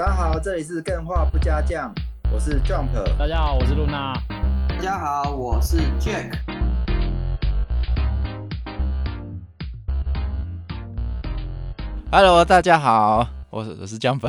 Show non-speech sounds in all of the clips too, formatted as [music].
大家好，這裡是 GAME 話不加醬，我是 Jump。大家好，我是露娜。大家好，我是 Jack。Hello，大家好，我是我是 Jump，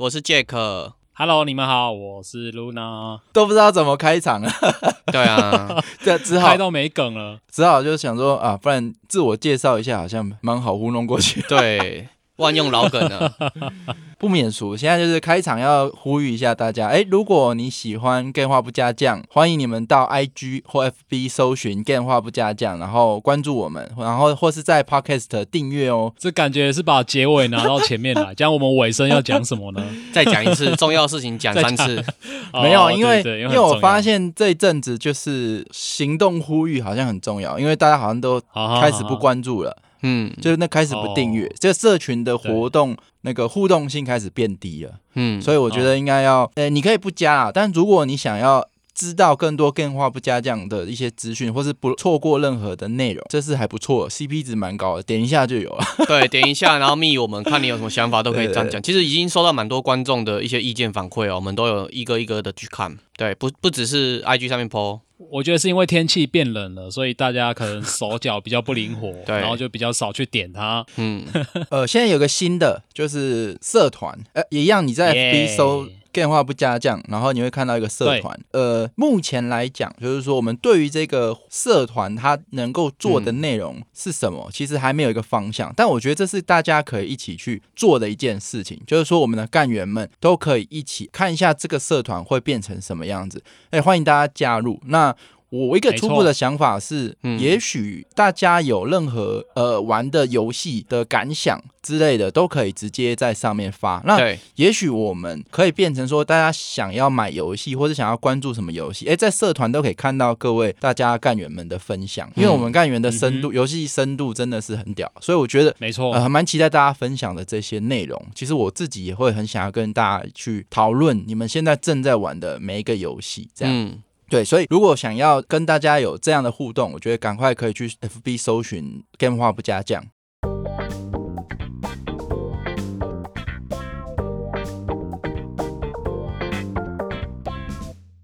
我是 Jack。Hello，你們好，我是露娜。都不知道怎麼開場了， [laughs] 對啊，這只好開到沒梗了，只好就想說啊，不然自我介紹一下，好像蠻好糊弄過去。對。萬用老梗了， [laughs] 不免熟。現在就是開場要呼籲一下大家，哎、欸，如果你喜歡“電話不加醬”，歡迎你們到 i g 或 f b 搜尋“電話不加醬”，然後關注我們，然後或是在 podcast 訂閱哦、喔。這感覺是把結尾拿到前面來，講 [laughs] 我們尾聲要講什麼呢？ [laughs] 再講一次，重要事情講三次。 [laughs] 哦、 [laughs] 沒有，因為，對對對因，為因為我發現這陣子就是行動呼籲好像很重要，因為大家好像都開始不關注了。 [laughs] [laughs] 嗯，就是那開始不訂閱，這個、哦、社群的活動對那個互動性開始變低了。嗯，所以我覺得應該要，呃、欸，欸、你可以不加啊，但如果你想要知道更多 game 話不加這樣的一些資訊，或是不錯過任何的內容，這是還不錯，CP 值蠻高的，點一下就有了。對， [laughs] 點一下，然後密 [laughs] 我們看你有什麼想法都可以這樣講。對對對對，其實已經收到蠻多觀眾的一些意見反饋哦、喔，我們都有一個一個的去看。對，不不只是 IG 上面 po。我覺得是因為天氣變冷了，所以大家可能手腳比較不靈活， [laughs] 嗯、對然後就比較少去點它。嗯， [laughs] 呃，現在有個新的，就是社團，呃，也一樣，你在、F、B 搜。Yeah. GAME 話不加醬，然後你會看到一個社團。對呃，目前來講，就是說我們對於這個社團它能夠做的內容是什麼，嗯、其實還沒有一個方向。但我覺得這是大家可以一起去做的一件事情，就是說我們的幹員們都可以一起看一下這個社團會變成什麼樣子。誒、欸，歡迎大家加入。那。我一個初步的想法是，也許大家有任何呃玩的遊戲的感想之類的，都可以直接在上面發。那也許我們可以變成說，大家想要買遊戲或者想要關注什麼遊戲，哎、欸，在社團都可以看到各位大家幹員們的分享，因為我們幹員的深度遊戲、嗯、哼深度真的是很屌，所以我覺得沒錯錯，很蠻、呃、期待大家分享的這些內容。其實我自己也會很想要跟大家去討論你們現在正在玩的每一個遊戲，這樣。嗯。對，所以如果想要跟大家有這樣的互動，我覺得趕快可以去 FB 搜尋 “GAME 話不加醬”。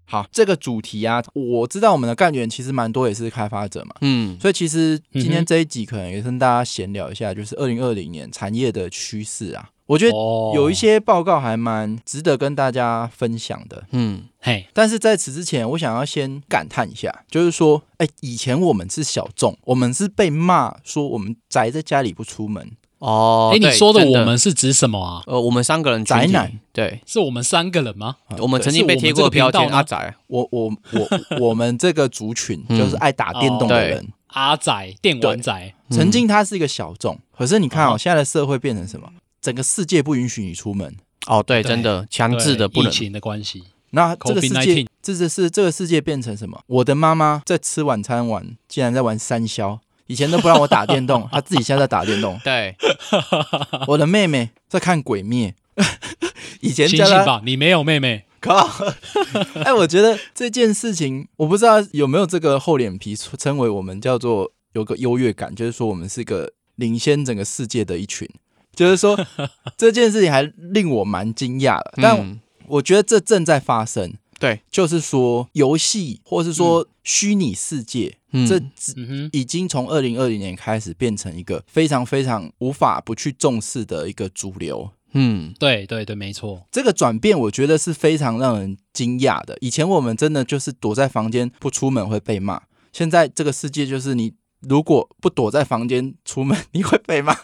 好，這個主題啊，我知道我們的幹員其實蠻多，也是開發者嘛。嗯，所以其實今天這一集可能也跟大家閒聊一下，就是二零二零年產業的趨勢啊。我覺得有一些報告還蠻值得跟大家分享的，嗯，嘿。但是在此之前，我想要先感嘆一下，就是說，哎，以前我們是小眾，我們是被罵說我們宅在家裡不出門哦。哎，你說的我們是指什麼啊？呃，我們三個人宅男，對，是我們三個人嗎？嗯、我們曾經被貼過標籤阿宅，我我我，我，我， [laughs] 我們這個族群就是愛打電動的人，嗯哦、阿宅、電玩宅，曾經它是一個小眾，可是你看啊、喔，哦、現在的社會變成什麼？整個世界不允許你出門哦，對，對真的強制的不能。疫情的關係，那這個世界，這，這是是這個世界變成什麼？我的媽媽在吃晚餐玩，竟然在玩三消，以前都不讓我打電動， [laughs] 她自己現在，在打電動。對， [laughs] 我的妹妹在看鬼滅， [laughs] 以前真的，你沒有妹妹。可。 [laughs] 哎，我覺得這件事情，我不知道有沒有這個厚臉皮，稱為我們叫做有個優越感，就是說我們是一個領先整個世界的一群。就是說這件事情還令我蠻驚訝的，但我、嗯、我覺得這正在發生。對，就是說遊戲，或是說、嗯、虛擬世界，嗯、這、嗯、哼已經從二零二零年開始變成一個非常非常無法不去重視的一個主流。嗯，對對對，沒錯，這個轉變我覺得是非常讓人驚訝的。以前我們真的就是躲在房間不出門會被罵，現在這個世界就是你。如果不躲在房間出門，你會被罵。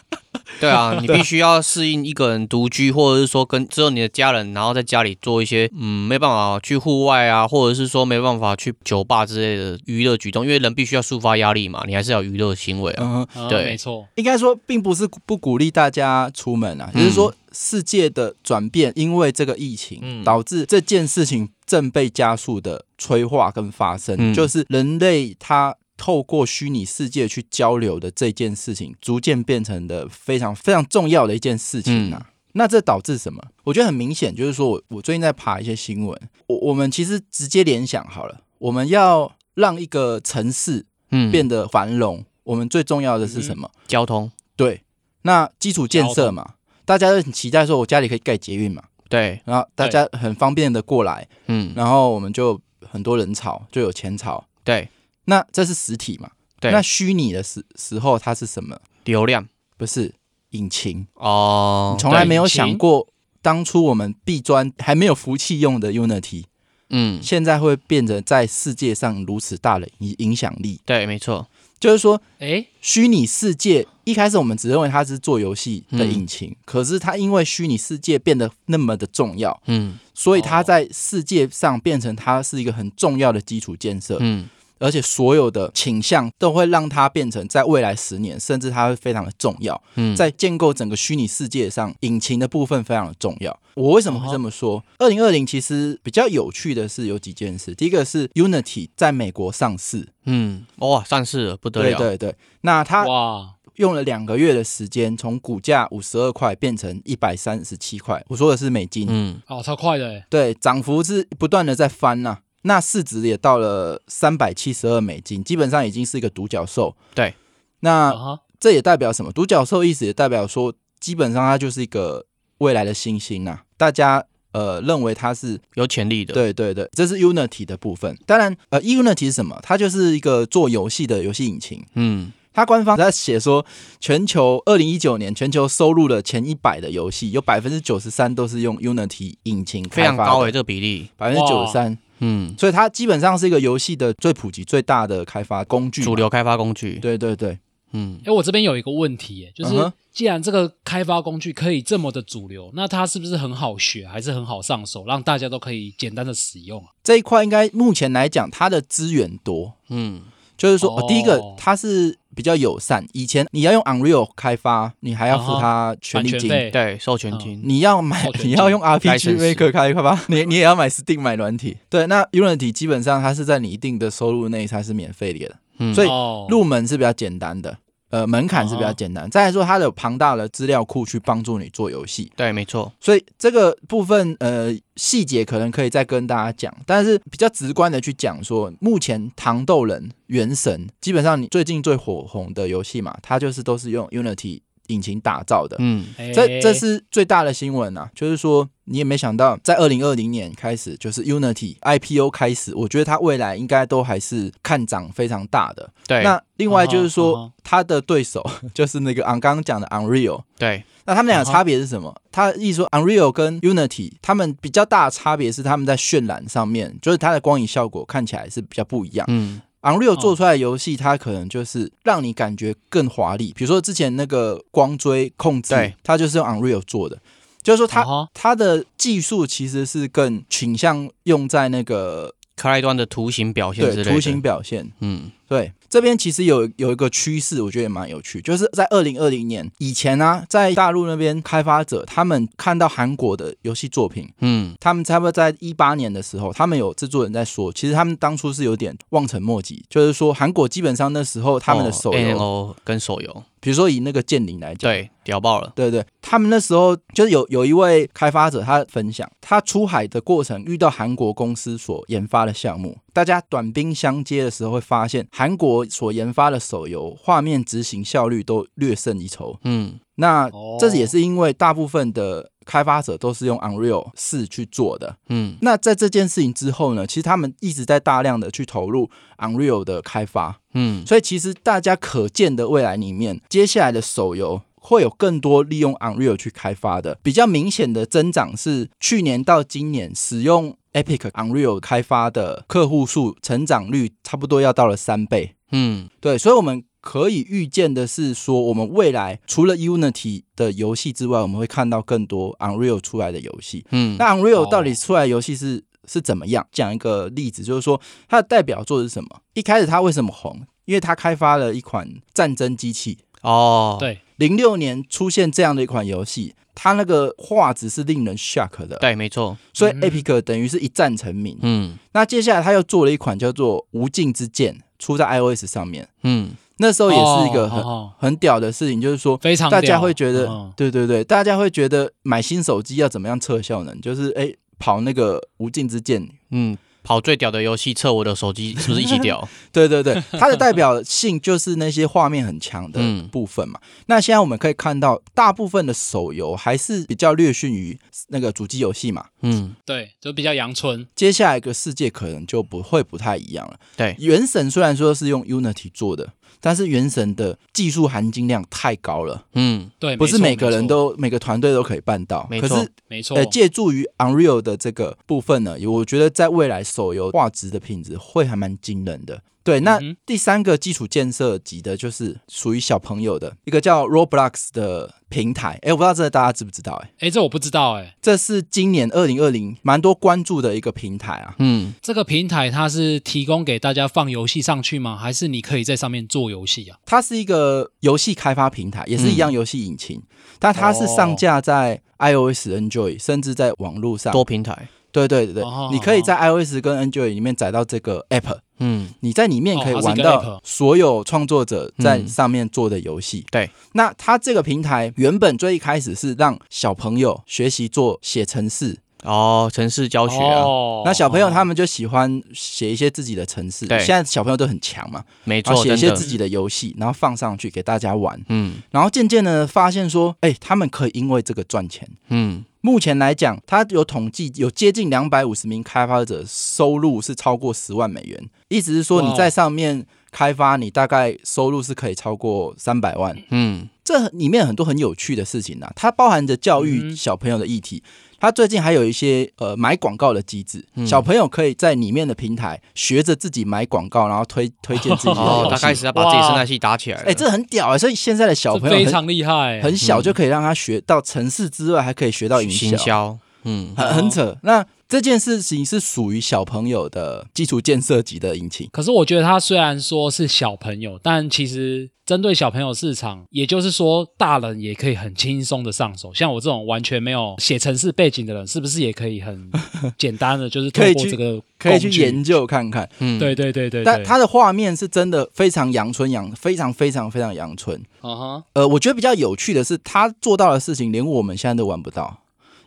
對啊，你必須要適應一個人獨居，或者是說跟只有你的家人，然後在家裡做一些嗯，沒辦法去戶外啊，或者是說沒辦法去酒吧之類的娛樂舉動，因為人必須要抒發壓力嘛，你還是要有娛樂行為啊。嗯、對啊，沒錯。應該說並不是不鼓勵大家出門啊，只、就是說世界的轉變，因為這個疫情、嗯、導致這件事情正被加速的催化跟發生，嗯、就是人類他。透過虛擬世界去交流的這件事情，逐漸變成的非常非常重要的一件事情啊！嗯、那這導致什麼？我覺得很明顯，就是說我我最近在爬一些新聞，我我們其實直接聯想好了，我們要讓一個城市嗯變得繁榮，嗯、我們最重要的是什麼？嗯、交通對，那基礎建設嘛，通大家都很期待說，我家裡可以蓋捷運嘛，對，然後大家很方便的過來，嗯對，然後我們就很多人潮就有錢潮，對。那這是實體嘛？對。那虛擬的時時候，它是什麼？流量。不是，引擎哦。Oh, 你從來沒有想過，當初我們畢專還沒有服氣用的 Unity，嗯，現在會變成在世界上如此大的影響力。對，沒錯，就是說，哎誒，虛擬世界一開始我們只認為它是做遊戲的引擎，嗯、可是它因為虛擬世界變得那麼的重要，嗯，所以它在世界上變成它是一個很重要的基礎建設，嗯。而且所有的傾向都會讓它變成在未來十年，甚至它會非常的重要。嗯，在建構整個虛擬世界上，引擎的部分非常的重要。我為什麼會這麼說？二零二零其實比較有趣的是有幾件事。第一個是 Unity 在美國上市。嗯，哇、哦，上市了，不得了！對對對，那它哇用了兩個月的時間，哇，從股價五十二塊變成一百三十七塊。我說的是美金。嗯，哦，超快的。對，漲幅是不斷的在翻吶、啊。那市值也到了三百七十二美金，基本上已經是一個獨角獸。對，那、uh huh. 這也代表什麼？獨角獸意思也代表說，基本上它就是一個未來的新星啊！大家呃認為它是有潛力的。對對對，這是 Unity 的部分。當然，呃，Unity 是什麼？它就是一個做遊戲的遊戲引擎。嗯，它官方在寫說，全球二零一九年全球收入的前一百的遊戲，有百分之九十三都是用 Unity 引擎開發的。非常高哎、欸，這個比例百分之九十三。嗯，所以它基本上是一個遊戲的最普及、最大的開發工具，主流開發工具。對對對，嗯。哎、欸，我這邊有一個問題，就是既然這個開發工具可以這麼的主流，嗯哼，那它是不是很好學，還是很好上手，讓大家都可以簡單的使用啊？這一塊應該目前來講，它的資源多，嗯，就是說，哦哦，第一個它是。比較友善。以前你要用 Unreal 開發，你還要付他權利金，哦、對，授權金。哦、你要買，權你要用 RPG Maker 開發， [laughs] 你你也要買 Steam 買軟體。 [laughs] 對，那 Unity 基本上它是在你一定的收入內才是免費的，嗯、所以入門是比較簡單的。哦呃，門檻是比較簡單，哦哦再來說它有龐大的資料庫去幫助你做遊戲，對，沒錯。所以這個部分，呃，細節可能可以再跟大家講，但是比較直觀的去講說，目前《糖豆人》《原神》基本上你最近最火紅的遊戲嘛，它就是都是用 Unity 引擎打造的，嗯，這這是最大的新聞啊，就是說。你也沒想到，在二零二零年開始就是 Unity I P O 開始，我覺得它未來應該都還是看漲非常大的。對，那另外就是說，它、uh huh, uh huh. 的對手就是那個昂剛剛講的 Unreal。對，那他們倆的差別是什麼？Uh huh. 他意思說 Unreal 跟 Unity，他們比較大的差別是他們在渲染上面，就是它的光影效果看起來是比較不一樣。嗯，Unreal 做出來的遊戲，uh huh. 它可能就是讓你感覺更華麗。比如說之前那個光追控制，對，它就是用 Unreal 做的。就是說他，它它、oh、ho 的技術其實是更傾向用在那個克萊端的圖形表現之類的，對，圖形表現，嗯。對，這邊其實有有一個趨勢，我覺得也蠻有趣，就是在二零二零年以前呢、啊，在大陸那邊開發者他們看到韓國的遊戲作品，嗯，他們差不多在一八年的時候，他們有製作人在說，其實他們當初是有點望塵莫及，就是說韓國基本上那時候他們的手遊、哦、跟手遊，比如說以那個劍靈來講，對，屌爆了，對對，他們那時候就是有有一位開發者他分享，他出海的過程遇到韓國公司所研發的項目，大家短兵相接的時候會發現。韓國所研發的手遊畫面執行效率都略勝一籌，嗯，那這也是因為大部分的開發者都是用 Unreal 四去做的，嗯，那在這件事情之後呢，其實他們一直在大量的去投入 Unreal 的開發，嗯，所以其實大家可見的未來裡面，接下來的手遊會有更多利用 Unreal 去開發的，比較明顯的增長是去年到今年使用。Epic Unreal 開發的客戶數成長率差不多要到了三倍。嗯，對，所以我們可以預見的是說，我們未來除了 Unity 的遊戲之外，我們會看到更多 Unreal 出來的遊戲。嗯，那 Unreal 到底出來的遊戲是、哦、是怎麼樣？講一個例子，就是說它的代表作是什麼？一開始它為什麼紅？因為它開發了一款戰爭機器。哦，對，零六年出現這樣的一款遊戲。他那個畫質是令人 shock 的，對，沒錯，所以 Epic 等於是一戰成名。嗯，嗯，那接下來他又做了一款叫做《無盡之劍》，出在 iOS 上面。嗯，那時候也是一個很、哦哦哦、很屌的事情，就是說，非常屌，大家會覺得，哦、對，對對對，大家會覺得買新手機要怎麼樣測效能？就是哎、欸，跑那個無盡《無盡之劍》。嗯。跑最屌的遊戲測我的手機是不是一起屌？ [laughs] 對對對，它的代表性就是那些畫面很強的部分嘛。嗯、那現在我們可以看到，大部分的手遊還是比較略遜於那個主機遊戲嘛。嗯，對，就比較陽春。接下來一個世界可能就不會不太一樣了。對，《原神》雖然說是用 Unity 做的。但是原神的技術含金量太高了，嗯，對，沒錯，不是每個人都沒錯，每個團隊都可以辦到，可是沒錯。是沒錯，呃，借助於 Unreal 的這個部分呢，我覺得在未來手遊畫質的品質會還蠻驚人的。對，那第三個基礎建設級的，就是屬於小朋友的一個叫 Roblox 的平台。哎，我不知道這大家知不知道誒？哎，哎，這我不知道誒。哎，這是今年二零二零蠻多關注的一個平台啊。嗯，這個平台它是提供給大家放遊戲上去嗎？還是你可以在上面做遊戲啊？它是一個遊戲開發平台，也是一樣遊戲引擎，嗯、但它是上架在 iOS、Android，甚至在網絡上多平台。對對對,對、哦、哈你可以在 iOS 跟 Android 裡面找到這個 App，嗯，你在裡面可以玩到所有創作者在上面做的遊戲。對、哦，它那它這個平台原本最一開始是讓小朋友學習做寫程式。哦，程式教學啊，哦、那小朋友他們就喜歡寫一些自己的程式。對，現在小朋友都很強嘛，沒錯錯，寫一些自己的遊戲，的然後放上去給大家玩。嗯，然後漸漸的發現說，哎、欸，他們可以因為這個賺錢。嗯，目前來講，他有統計，有接近兩百五十名開發者收入是超過十萬美元，意思是說你在上面開發，你大概收入是可以超過三百萬、哦。嗯。這裡面很多很有趣的事情呢、啊，它包含着教育小朋友的議題。嗯、它最近還有一些呃買廣告的機制，嗯、小朋友可以在裡面的平台學着自己買廣告，然後推推薦自己的，哦，他開始要把自己生態系打起來。哎、欸，這很屌啊、欸！所以現在的小朋友非常厲害，很小就可以讓他學到城市之外，嗯、還可以學到營銷，新銷嗯，很、哦、很扯。那。這件事情是屬於小朋友的基礎建設級的引擎，可是我覺得他雖然說是小朋友，但其實針對小朋友市場，也就是說，大人也可以很輕鬆的上手。像我這種完全沒有寫程式背景的人，是不是也可以很簡單的就是透過這個 [laughs] 可以去，可以去研究看看？嗯，對，對對對對。但它的畫面是真的非常陽春陽，非常非常非常陽春。啊哈、uh，huh. 呃，我覺得比較有趣的是，他做到的事情，連我們現在都玩不到。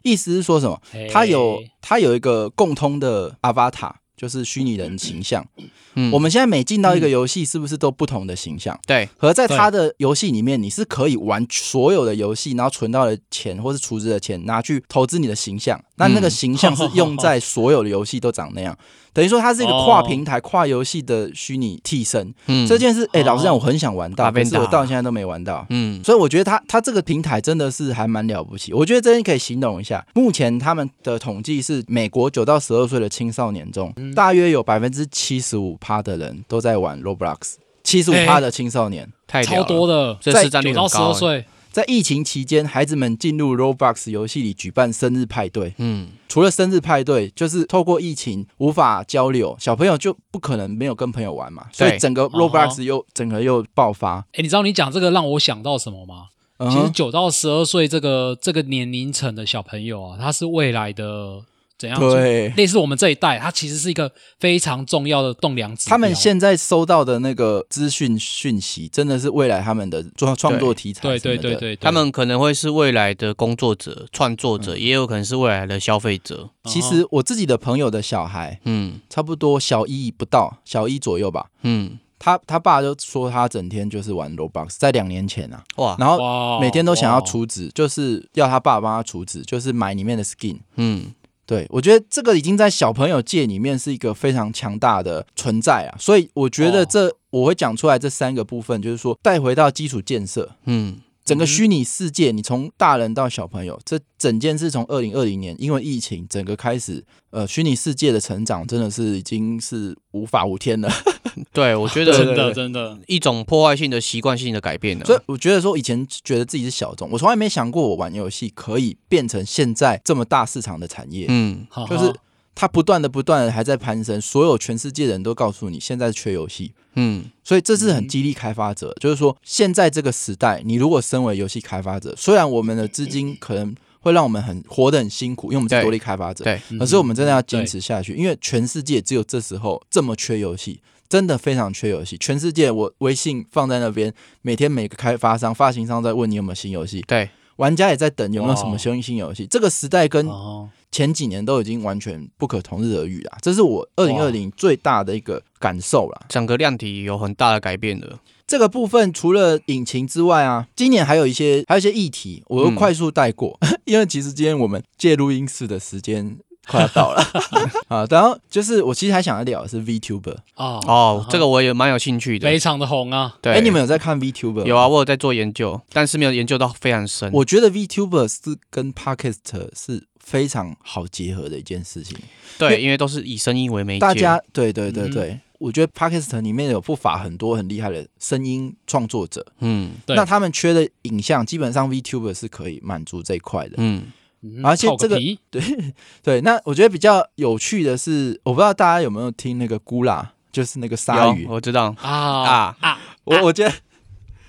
意思是說什麼？他有他有一個共通的 avatar，就是虛擬人形象。嗯、我們現在每進到一個遊戲，是不是都不同的形象？對、嗯。和在他的遊戲裡面，你是可以玩所有的遊戲，然後存到的錢或是儲值的錢拿去投資你的形象。那那個形象是用在所有的遊戲都長那樣。等於說，它是一個跨平台、跨遊戲的虛擬替身、嗯。這件事，哎、欸，老實講，我很想玩到，可是我到現在都沒玩到。嗯，所以我覺得他他這個平台真的是還蠻了、嗯、了不起。我覺得這你可以形容一下，目前他們的統計是美國九到十二歲的青少年中，大約有百分之七十五。趴的人都在玩 Roblox，七十五趴、欸、的青少年，超多的，在九到十二歲，在疫情期間，孩子們進入 Roblox 遊戲裡舉辦生日派對。嗯，除了生日派對，就是透過疫情無法交流，小朋友就不可能沒有跟朋友玩嘛。所以整個 Roblox 又整個又爆發。哎，你知道你講這個讓我想到什麼嗎？其實九到十二歲這個這個年齡層的小朋友啊，他是未來的。怎樣？對，類似我們這一代，他其實是一個非常重要的棟樑。他們現在收到的那個資訊訊息，真的是未來他們的創創作題材對。對對對對，對對對對，他們可能會是未來的工作者、創作者，嗯、也有可能是未來的消費者。嗯、其實我自己的朋友的小孩，嗯，差不多小一不到，小一左右吧。嗯，他他爸就說他整天就是玩 Roblox，在兩年前啊，哇，然後每天都想要儲值，哇就是要他爸幫他儲值，就是買裡面的 skin。嗯。對，我覺得這個已經在小朋友界裡面是一個非常強大的存在啊，所以我覺得這、哦、我會講出來這三個部分，就是說帶回到基礎建設，嗯，整個虛擬世界，你從大人到小朋友，這整件事從二零二零年因為疫情整個開始，呃，虛擬世界的成長真的是已經是無法無天了。 [laughs] [laughs] 對，我覺得真的真的，真的一種破壞性的習慣性的改變呢。所以我覺得說，以前覺得自己是小眾，我從來沒想過我玩遊戲可以變成現在這麼大市場的產業。嗯，就是它不斷的、不斷的還在攀升。所有全世界的人都告訴你，現在是缺遊戲。嗯，所以這是很激勵開發者。嗯、就是說，現在這個時代，你如果身為遊戲開發者，雖然我們的資金可能會讓我們很活得很辛苦，因為我們是獨立開發者，對，可是我們真的要堅持下去，對因為全世界只有這時候這麼缺遊戲。真的非常缺遊戲，全世界我微信放在那邊，每天每個開發商、發行商在問你有沒有新遊戲，對，玩家也在等有沒有什麼新新遊戲。哦、這個時代跟前幾年都已經完全不可同日而語了，這是我二零二零最大的一個感受了、哦。整個量體有很大的改變的這個部分，除了引擎之外啊，今年還有一些還有一些議題，我都快速帶過，嗯、 [laughs] 因為其實今天我們借錄音室的時間。快要到了啊！然後就是我其實還想要聊的是 Vtuber 哦，這個我也蠻有興趣的，非常的紅啊。對，哎，你們有在看 Vtuber？有啊，我有在做研究，但是沒有研究到非常深。我覺得 Vtuber 是跟 Podcast 是非常好結合的一件事情。對，因為都是以聲音為媒介。大家對對對對，我覺得 Podcast 裡面有不乏很多很厲害的聲音創作者。嗯，那他們缺的影像，基本上 Vtuber 是可以滿足這一塊的。嗯。而且這個，個對對，那我覺得比較有趣的是，我不知道大家有沒有聽那個 Gura，就是那個鯊魚，我知道啊啊啊！啊啊我我覺得、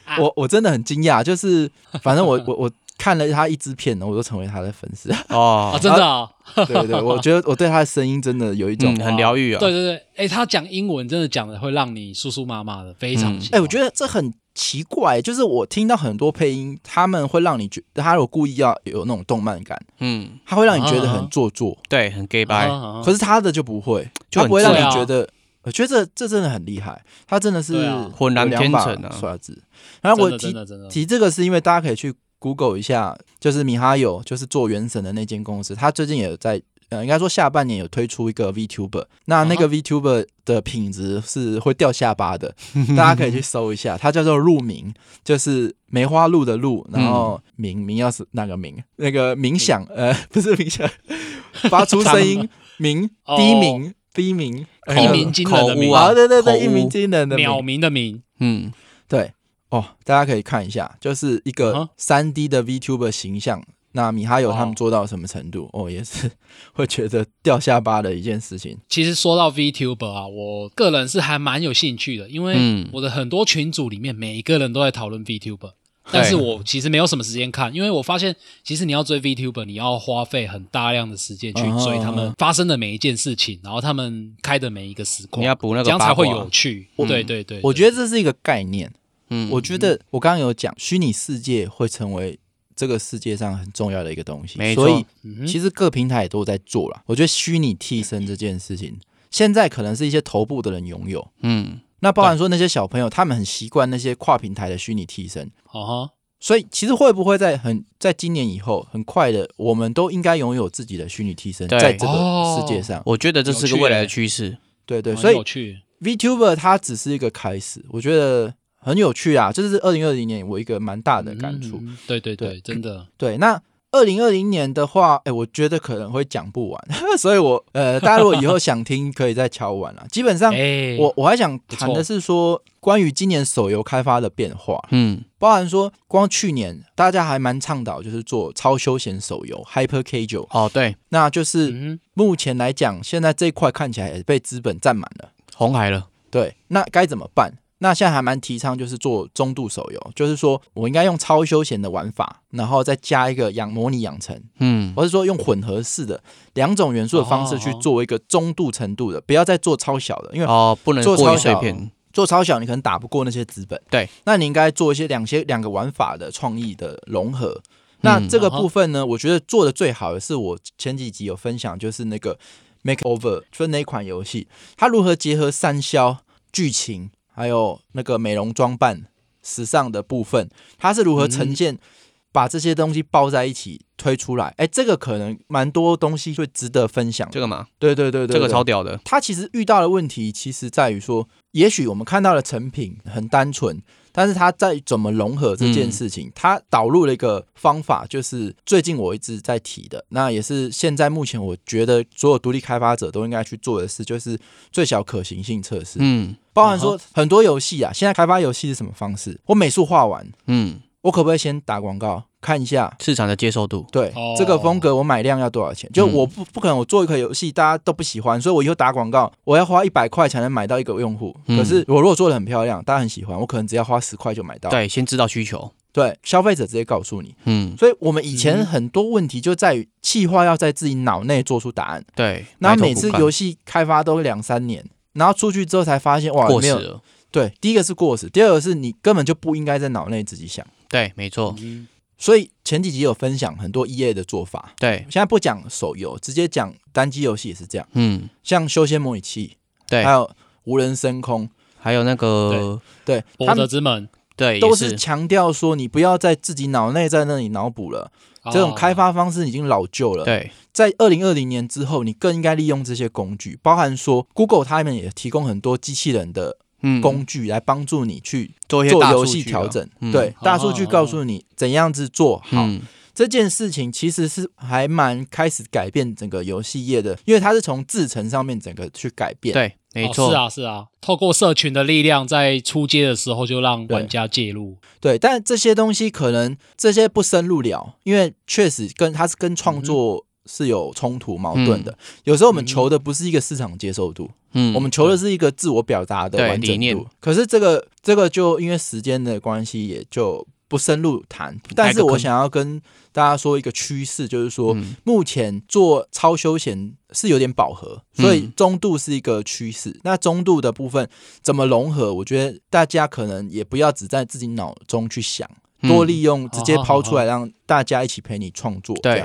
啊、我我真的很驚訝，就是反正我 [laughs] 我我看了他一支片，我都成為他的粉絲、啊、 [laughs] 後哦，真的。哦，對對，我覺得我對他的聲音真的有一種、嗯、很療癒啊。對對對，哎、欸，他講英文真的講的會讓你酥酥麻麻的，非常。哎、嗯欸，我覺得這很。奇怪，就是我聽到很多配音，他們會讓你覺得，他如果故意要有那種動漫感，嗯，他會讓你覺得很做作，嗯嗯嗯對，很 gay 掰。嗯嗯嗯嗯可是他的就不會，就不會讓你覺得，我覺、覺得這這真的很厲害，他真的是渾、啊、然天成啊，刷子。然後我提提這個是因為大家可以去 Google 一下，就是米哈游，就是做《原神》的那間公司，他最近也在。呃，應該說下半年有推出一個 VTuber，那那個 VTuber 的品質是會掉下巴的，嗯、大家可以去搜一下，它叫做鹿鳴，就是梅花鹿的鹿，然後鳴鳴要是那個鳴，那個鳴、那個、響，呃，不是鳴響，發出聲音鳴，低鳴、哦、低鳴一鳴驚人的鳴，對對對，一鳴驚人的鳥鳴的鳴，嗯，對哦，大家可以看一下，就是一個三 D 的 VTuber 形象。那米哈遊他們做到什麼程度？哦，oh. oh, 也是會覺得掉下巴的一件事情。其實說到 Vtuber 啊，我個人是還蠻有興趣的，因為我的很多群組裡面每一個人都在討論 Vtuber，、嗯、但是我其實沒有什麼時間看，對因為我發現其實你要追 Vtuber，你要花費很大量的時間去追、uh huh. 他們發生的每一件事情，然後他們開的每一個實況，你要補那個，這樣才會有趣。我對，對，對對對，我覺得這是一個概念。嗯，我覺得我剛剛有講虛擬世界會成為。這個世界上很重要的一個東西，沒錯，所以、嗯、哼其實各平台也都在做了。我覺得虛擬替身這件事情，現在可能是一些頭部的人擁有，嗯，那包含說那些小朋友，對他們很習慣那些跨平台的虛擬替身，啊、哦、哈所以其實會不會在很在今年以後很快的，我們都應該擁有自己的虛擬替身，在這個世界上。對、哦，我覺得這是個未來的趨勢。欸、對對，所以 VTuber 它只是一個開始，我覺得。很有趣啊！這、就是二零二零年我一個蠻大的感觸、嗯。對對對，對真的對。那二零二零年的話，哎、欸，我覺得可能會講不完， [laughs] 所以我呃，大家如果以後想聽， [laughs] 可以再敲完啊。基本上，欸、我我還想談的是說，錯關於今年手遊開發的變化，嗯，包含說，光去年大家還蠻倡導就是做超休閒手遊，Hyper Casual 哦，對，那就是、嗯、哼目前來講，現在這一塊看起來也被資本占滿了，紅海了。對，那該怎麼辦？那現在還蠻提倡，就是做中度手遊，就是說我應該用超休閒的玩法，然後再加一個養模擬養成，嗯，我是說用混合式的兩種元素的方式去做一個中度程度的，不要再做超小的，因為哦不能做超小，做，做超小你可能打不過那些資本，對，那你應該做一些兩些兩個玩法的創意的融合。那這個部分呢，我覺得做的最好的是我前幾集有分享，就是那個 Makeover，分那一款遊戲，它如何結合三消劇情。還有那個美容裝扮、時尚的部分，它是如何呈現？把這些東西包在一起推出來，哎、嗯，這個可能蠻多東西會值得分享的。這個嘛，對對對，對對對，這個超屌的。他其實遇到的問題，其實在於說，也許我們看到的成品很單純，但是他在怎麼融合這件事情，他、嗯、導入了一個方法，就是最近我一直在提的，那也是現在目前我覺得所有獨立開發者都應該去做的事，就是最小可行性測試。嗯。包含說很多遊戲啊，現在開發遊戲是什麼方式？我美術畫完，嗯，我可不可以先打廣告看一下市場的接受度？對，哦、這個風格我買量要多少錢？就我不、嗯、不可能，我做一款遊戲大家都不喜歡，所以我以後打廣告，我要花一百塊才能買到一個用戶。嗯、可是我如果做得很漂亮，大家很喜歡，我可能只要花十塊就買到。對，先知道需求，對消費者直接告訴你，嗯。所以我們以前很多問題就在於企劃要在自己腦內做出答案，對。然後每次遊戲開發都兩三年。然後出去之後才發現，哇，過時了。對，第一個是過時，第二個是你根本就不應該在腦內自己想。對，沒錯。嗯、哼所以前幾集有分享很多 EA 的做法。對，現在不講手遊，直接講單機遊戲也是這樣。嗯，像修仙模擬器，對，還有無人深空，還有那個對《博德之門》，對，都是強調說你不要在自己腦內在那裡腦補了。這種開發方式已經老舊了。Oh, 對，在二零二零年之後，你更應該利用這些工具，包含說，Google 他們也提供很多機器人的工具來幫助你去做遊戲調整、嗯、做一些大數據調整。嗯、對，哦哦哦、大數據告訴你怎樣子做好、嗯、這件事情，其實是還蠻開始改變整個遊戲業的，因為它是從製程上面整個去改變。對。沒錯、哦，是啊，是啊，透過社群的力量，在出街的時候就讓玩家介入對。對，但這些東西可能這些不深入聊，因為確實跟它是跟創作是有衝突、嗯、矛盾的。有時候我們求的不是一個市場接受度，嗯，我們求的是一個自我表達的完整度。可是這個這個就因為時間的關係，也就。不深入談，但是我想要跟大家說一個趨勢，就是說、嗯、目前做超休閒是有點飽和，所以中度是一個趨勢。嗯、那中度的部分怎麼融合？我覺得大家可能也不要只在自己腦中去想，嗯、多利用直接拋出來，讓大家一起陪你創作。嗯、這樣，對，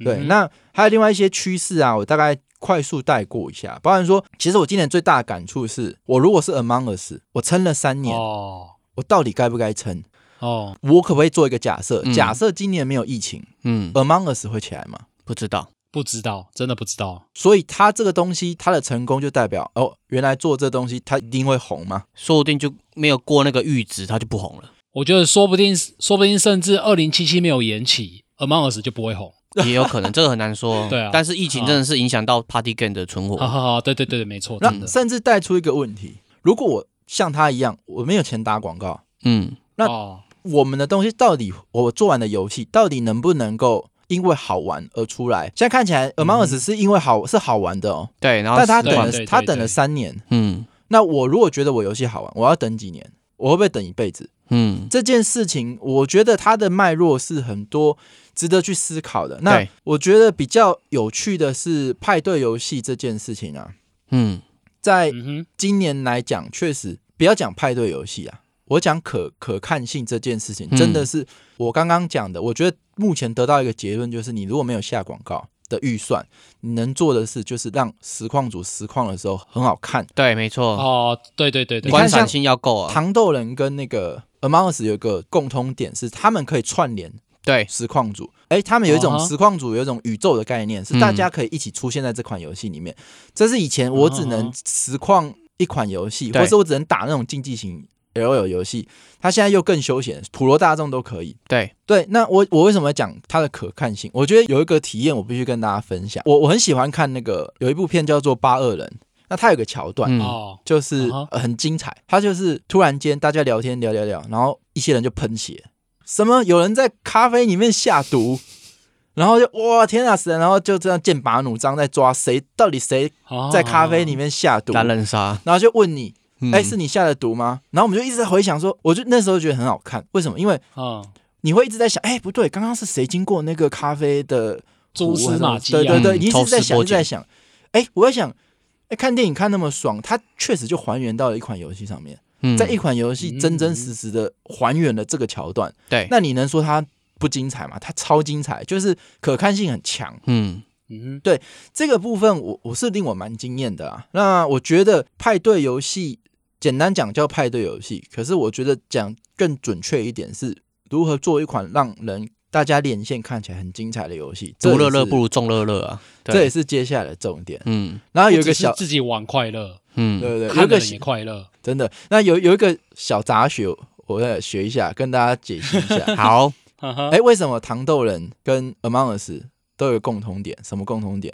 嗯、對。那還有另外一些趨勢啊，我大概快速帶過一下。包含說，其實我今年最大的感觸是我如果是 Among Us，我撐了三年哦，我到底該不該撐？哦，我可不可以做一個假設？假設今年沒有疫情，嗯，Among Us 會起來嗎？不知道，不知道，真的不知道。所以他這個東西，他的成功就代表哦，原來做這東西它一定會紅嗎？說不定就沒有過那個閾值，它就不紅了。我覺得說不定，說不定甚至二零七七沒有延期，Among Us 就不會紅，也有可能，這個很難說。對啊，但是疫情真的是影響到 Party Game 的存活。哈哈，對對對對，沒錯。那甚至帶出一個問題：如果我像他一樣，我沒有錢打廣告，嗯，那哦。我們的東西到底，我做完的遊戲到底能不能夠因為好玩而出來？現在看起來 Among Us 是因為好是好玩的哦。對，然後但他等了，他等了三年。嗯，那我如果覺得我遊戲好玩，我要等幾年？我會不會等一輩子？嗯，這件事情，我覺得它的脈絡是很多值得去思考的。那我覺得比較有趣的是派對遊戲這件事情啊。嗯，在今年來講，確實不要講派對遊戲啊。我講可可看性這件事情，嗯、真的是我剛剛講的。我覺得目前得到一個結論就是，你如果沒有下廣告的預算，你能做的事就是讓實況主實況的時候很好看。對，沒錯。哦，對對對，對，觀賞性要夠啊。糖豆人跟那個《Among Us》有一個共通點是，他們可以串聯。對，實況主，哎，他們有一種實況主有一種宇宙的概念，嗯、是大家可以一起出現在這款遊戲裡面。這是以前我只能實況一款遊戲，嗯、啊啊或是我只能打那種競技型。然後有遊戲，他現在又更休閒，普羅大眾都可以。對對，那我我為什麼講它的可看性？我覺得有一個體驗，我必須跟大家分享。我我很喜歡看那個有一部片叫做《八惡人》，那它有個橋段哦，嗯、就是、uh huh 呃、很精彩。它就是突然間大家聊天，聊聊聊，然後一些人就噴血，什麼有人在咖啡裡面下毒， [laughs] 然後就哇天啊，死人，然後就這樣劍拔弩張，在抓誰，到底誰在咖啡裡面下毒？狼人殺，huh. 然後就問你。哎，是你下的毒嗎？嗯、然後我們就一直在回想說，說我就那時候覺得很好看，為什麼？因為啊，你會一直在想，哎，不對，剛剛是誰經過那個咖啡的蛛絲馬跡、啊、對對對、嗯、你一直在想，一直在想。哎，我在想，哎，看電影看那麼爽，它確實就還原到了一款遊戲上面，嗯、在一款遊戲真真實實的還原了這個橋段。對、嗯，那你能說它不精彩嗎？它超精彩，就是可看性很強。嗯嗯，嗯對這個部分我，我我是令我蠻驚豔的啊。那我覺得派對遊戲。簡單講叫派對遊戲，可是我覺得講更準確一點是如何做一款讓人大家連線看起來很精彩的遊戲。獨樂樂不如眾樂樂啊，這也是接下來的重點。嗯，然後有一個小是自己玩快樂，嗯，對，對對，看了也快樂，真的。那有有一個小雜學，我再學一下，跟大家解析一下。 [laughs] 好，哎、uh huh 欸，為什麼糖豆人跟 Among Us 都有共同點？什麼共同點？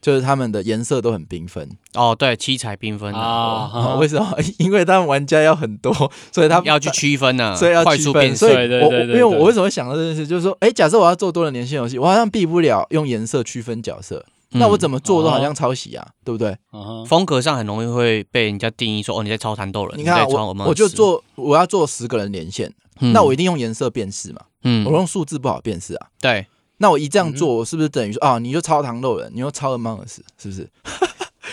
就是他們的顏色都很繽紛哦，對，七彩繽紛哦，為什麼？因為他們玩家要很多，所以他們要去區分呢，所以要區分。所以，我因為我為什麼會想到這件事，就是說，哎，假設我要做多人連線遊戲，我好像避不了用顏色區分角色，那我怎麼做都好像抄襲啊，對不對？風格上很容易會被人家定義說，哦，你在抄糖豆人。你看我，我就做，我要做十個人連線，那我一定用顏色辨識嘛。嗯，我用數字不好辨識啊。對。那我一這樣做，我、嗯、是不是等於說啊？你又抄《糖豆人》，你又抄《Among Us》，是不是？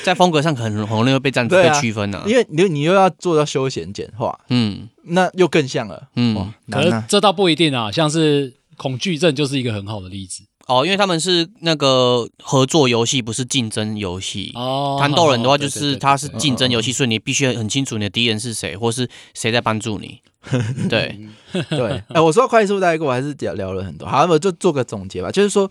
在風格上可能 [laughs] 很容易被這樣子被區分呢、啊啊？因為你你又要做到休閒簡化，嗯，那又更像了，嗯。哦、可是這倒不一定啊，像是恐懼症就是一個很好的例子哦，因為他們是那個合作遊戲，不是競爭遊戲哦。糖豆人的話，就是他是競爭遊戲，所以你必須很清楚你的敵人是誰，或是誰在幫助你。對 [laughs] 對，哎、欸，我說快速帶過，我還是聊了很多。好，我就做個總結吧。就是說，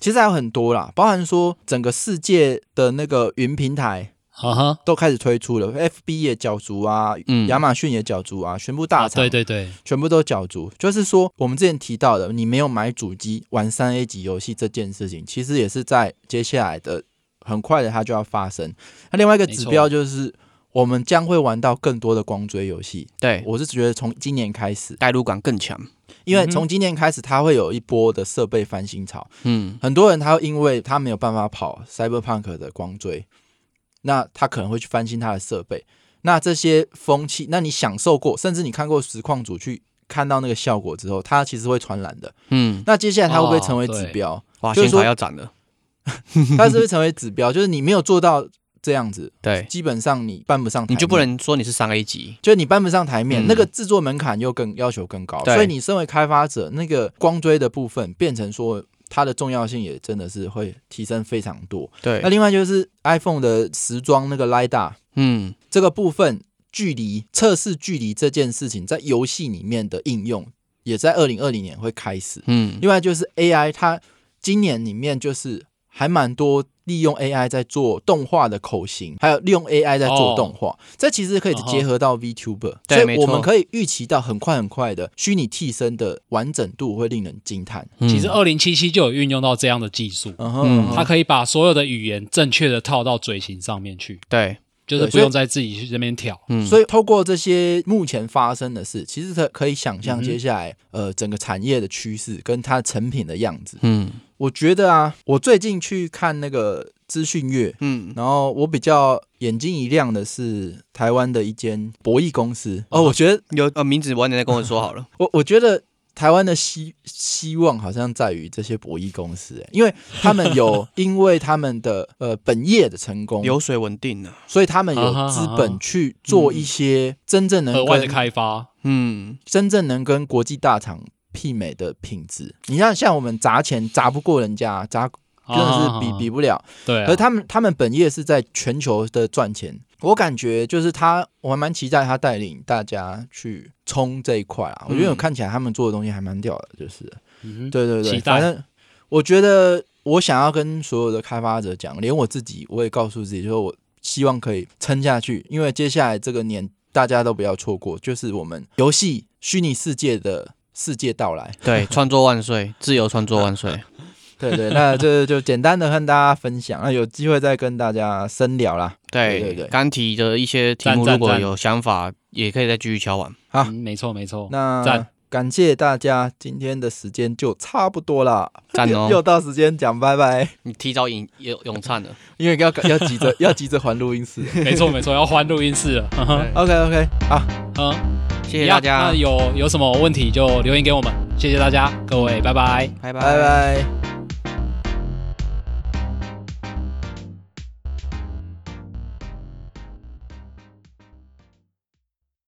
其實還有很多啦，包含說整個世界的那個雲平台，啊哈，都開始推出了。FB 也角逐啊，亞、嗯、馬遜也角逐啊，全部大廠，啊、對對對，全部都角逐。就是說，我們之前提到的，你沒有買主機玩三 A 級遊戲這件事情，其實也是在接下來的很快的，它就要發生。那另外一個指標就是。我們將會玩到更多的光追遊戲。對，我是覺得從今年開始，代入感更強，因為從今年開始，它會有一波的設備翻新潮。嗯，很多人他因為他沒有辦法跑 Cyberpunk 的光追，那他可能會去翻新他的設備。那這些風氣，那你享受過，甚至你看過實況主去看到那個效果之後，它其實會傳染的。嗯，那接下來它會不會成為指標？哦、哇，新卡還要漲的。 [laughs] 它是會成為指標，就是你沒有做到。這樣子，對，基本上你搬不上台面，你就不能說你是三 A 級，就是你搬不上台面，嗯、那個制作門檻又更要求更高，對所以你身為開發者，那個光追的部分變成說它的重要性也真的是會提升非常多。對，那另外就是 iPhone 的時裝那個 LiDAR 嗯，這個部分距離測試距離這件事情在遊戲裡面的應用也在二零二零年會開始。嗯，另外就是 AI，它今年裡面就是還蠻多。利用 AI 在做動畫的口型，還有利用 AI 在做動畫，哦、這其實可以結合到 VTuber，、嗯、所以我們可以預期到很快很快的虛擬替身的完整度會令人驚嘆。嗯、其實二零七七就有運用到這樣的技術，嗯、哼它可以把所有的語言正確的套到嘴型上面去，對、嗯哼，就是不用再自己去這邊挑。所以，嗯、所以透過這些目前發生的事，其實可可以想象接下來、嗯、哼呃整個產業的趨勢跟它成品的樣子，嗯。我覺得啊，我最近去看那個資訊月，嗯，然後我比較眼睛一亮的是台灣的一間博弈公司、嗯、哦。我覺得有名字我晚點再跟我說、嗯、說好了。我我覺得台灣的希希望好像在於這些博弈公司、欸，因為他們有因為他們的 [laughs] 呃本業的成功，流水穩定了，所以他們有資本去做一些真正能、嗯、額外的開發，嗯，真正能跟國際大廠。媲美的品質，你像，像我們砸錢砸不過人家，砸真的是比啊啊啊啊比不了。對、啊，而他們他們本業是在全球的賺錢，我感覺就是他，我還蠻期待他帶領大家去衝這一塊啊。嗯、我覺得我看起來他們做的東西還蠻屌的，就是，嗯、哼對對對，待反正我覺得我想要跟所有的開發者講，連我自己我也告訴自己，就說我希望可以撐下去，因為接下來這個年大家都不要錯過，就是我們遊戲虛擬世界的。世界到來，對，創作萬歲，自由創作萬歲！ [laughs] 對對，那就就簡單的和大家分享，那有機會再跟大家深聊啦。對，對對對，剛提的一些題目，如果有想法，也可以再繼續敲完。好、嗯，沒錯沒錯。那讚感謝大家，今天的時間就差不多了。讚哦 [laughs] 又，又到時間講拜拜。你提早引永永燦了， [laughs] 因為要要急着要急着還錄音室。沒錯沒錯，要換錄音室了。 [laughs] [laughs] 對 okay, OK，好，嗯。謝謝大家。那有有什麼問題就留言給我們。謝謝大家，各位，拜拜，拜拜，拜拜。